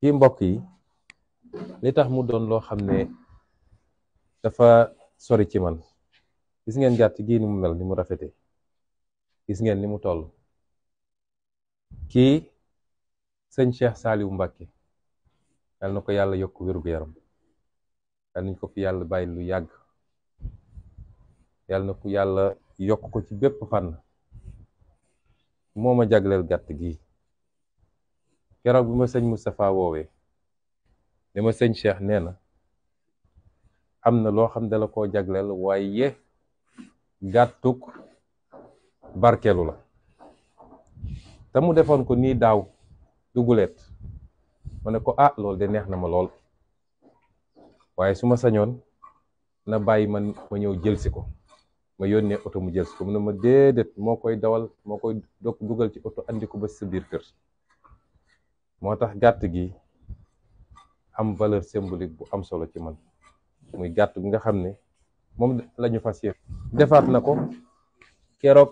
kii mbokk yi li tax mu doon loo xam ne dafa sori ci man gis ngeen gàtt gii ni mu mel ni mu rafete gis ngeen ni mu toll kii sëñ Cheikh Saliou Mbacke yal na ko yàlla yokk wér-gu-yaram yal nañ ko fi yàlla bàyyi lu yàgg yal na ko yàlla yokk ko ci bépp fànn moo ma jagleel gàtt gii keroog bi ma mu Moustapha woowee ne ma sëñ Cheikh nee na am na loo xam dala koo jagleel waaye gàttuk barkelu la te mu defoon ko nii daaw duguleet ma ne ko ah loolu de neex na ma lool waaye su ma sañoon na bàyyi man ma ñëw jëlsi ko ma yónnee oto mu jëlsi ko mu na ma déedéet moo koy dawal moo koy dok dugal ci oto andi ko ba sa biir kër moo tax gàtt gi am valeur symbolique bu am solo ci man muy gàtt gi nga xam ne moom la ñu fas yéene defaat na ko keroog